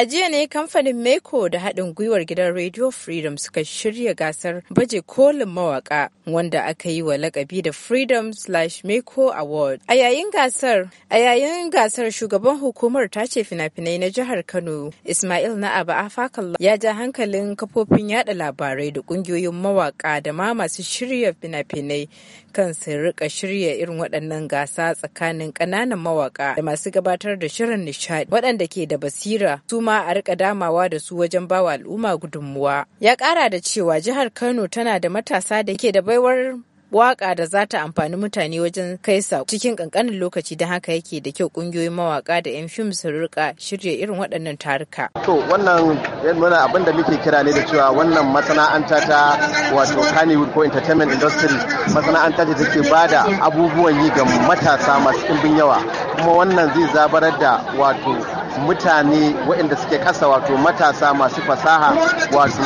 A jiya ne kamfanin Meko da haɗin gwiwar gidan Radio Freedom suka shirya gasar baje kolin mawaka wanda aka yi wa lakabi da Freedom slash Meko Award. A yayin gasar, a yayin gasar shugaban hukumar ta ce fina-finai na jihar Kano, Ismail na Aba Afakalla ya ja hankalin kafofin yada labarai da ƙungiyoyin mawaka da ma masu shirya fina-finai kan su rika shirya irin waɗannan gasa tsakanin ƙananan mawaka da masu gabatar da shirin nishaɗi. waɗanda ke da basira su kuma a rika damawa da su wajen ba wa al'umma gudunmuwa ya kara da cewa jihar kano tana da matasa da ke da baiwar waka da za ta amfani mutane wajen kai sa cikin kankanin lokaci da haka yake da kyau kungiyoyin mawaka da yan fim su rika shirya irin waɗannan taruka. To wannan yana abin da muke kira ne da cewa wannan masana'anta ta wato Kannywood ko entertainment industry masana'anta ce take ba da abubuwan yi ga matasa masu ɗimbin yawa kuma wannan zai zabarar da wato mutane waɗanda suke kasa wato matasa masu fasaha wato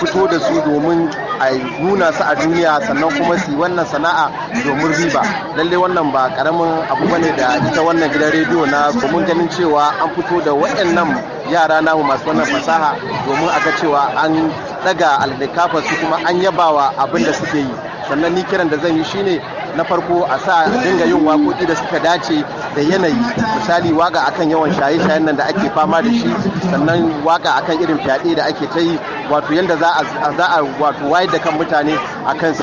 fito da su domin a nuna su a duniya sannan kuma su wannan sana'a domin riba lalle wannan ba karamin abu bane da ita wannan gidan rediyo na domin ganin cewa an fito da waɗannan yara namu masu wannan fasaha domin a ga cewa an daga aldikafa su kuma an yabawa abin da suke yi sannan ni kiran da zan yi shine na farko a sa dinga yin waƙoƙi da suka dace da yanayi misali waka akan yawan shaye-shayen nan da ake fama da shi sannan waka akan irin fyaɗe da ake ta yi wato yadda za a wato wayar da kan mutane akan su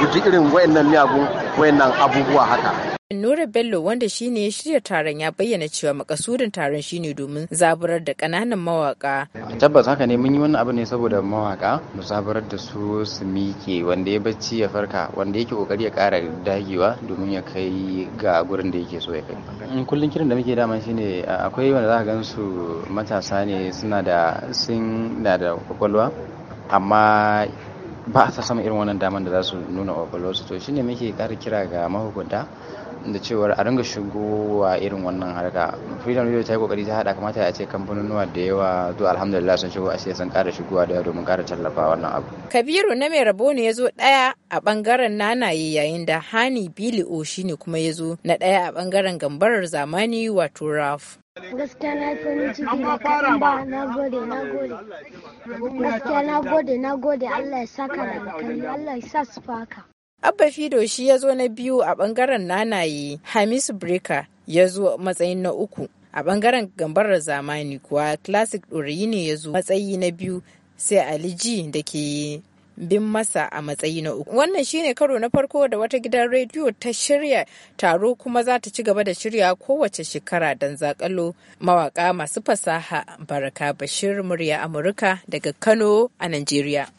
guji irin wayannan miyagun wayannan abubuwa haka Nura Bello wanda shine ya shirya taron ya bayyana cewa makasudin taron shine domin zaburar da kananan mawaka. Tabbas haka ne mun yi wannan abu ne saboda mawaka mu zaburar da su su mike wanda ya bacci ya farka wanda yake kokari ya kara dagewa domin ya kai ga gurin da yake so ya kai. Kullum kiran da muke dama shine akwai wanda za ka gan su matasa ne suna da sun na da kwakwalwa amma ba a sama irin wannan damar da za su nuna kwakwalwarsu to shine muke ƙara kira ga mahukunta da cewar a ringa shigowa irin wannan harka freedom radio ta yi kokari ta hada kamata a ce kamfanonuwa da yawa to alhamdulillah sun shigo a ce sun kara shigowa da yawa domin kara tallafa wannan abu kabiru na mai rabo ne ya zo daya a bangaren nanaye yayin da hani bili o shine kuma ya zo na daya a bangaren gambarar zamani wato raf gaskiya na farin ciki da kaɗan ba na gode na gode gaskiya na gode na gode allah ya saka da alkali allah ya sa su faka Abba Fido shi ya zo na biyu a bangaren nanaye, Hamisu Breka ya zo matsayin na uku. A ɓangaren gambarar zamani kuwa Classic Ɗorayi ne ya zo matsayi na biyu sai Aliji da ke bin masa a matsayi na uku. Wannan shine karo na farko da wata gidan rediyo ta shirya taro kuma za ta ci gaba da shirya kowace shekara don zakalo mawaka masu fasaha Baraka Bashir murya Amurka daga Kano a Najeriya.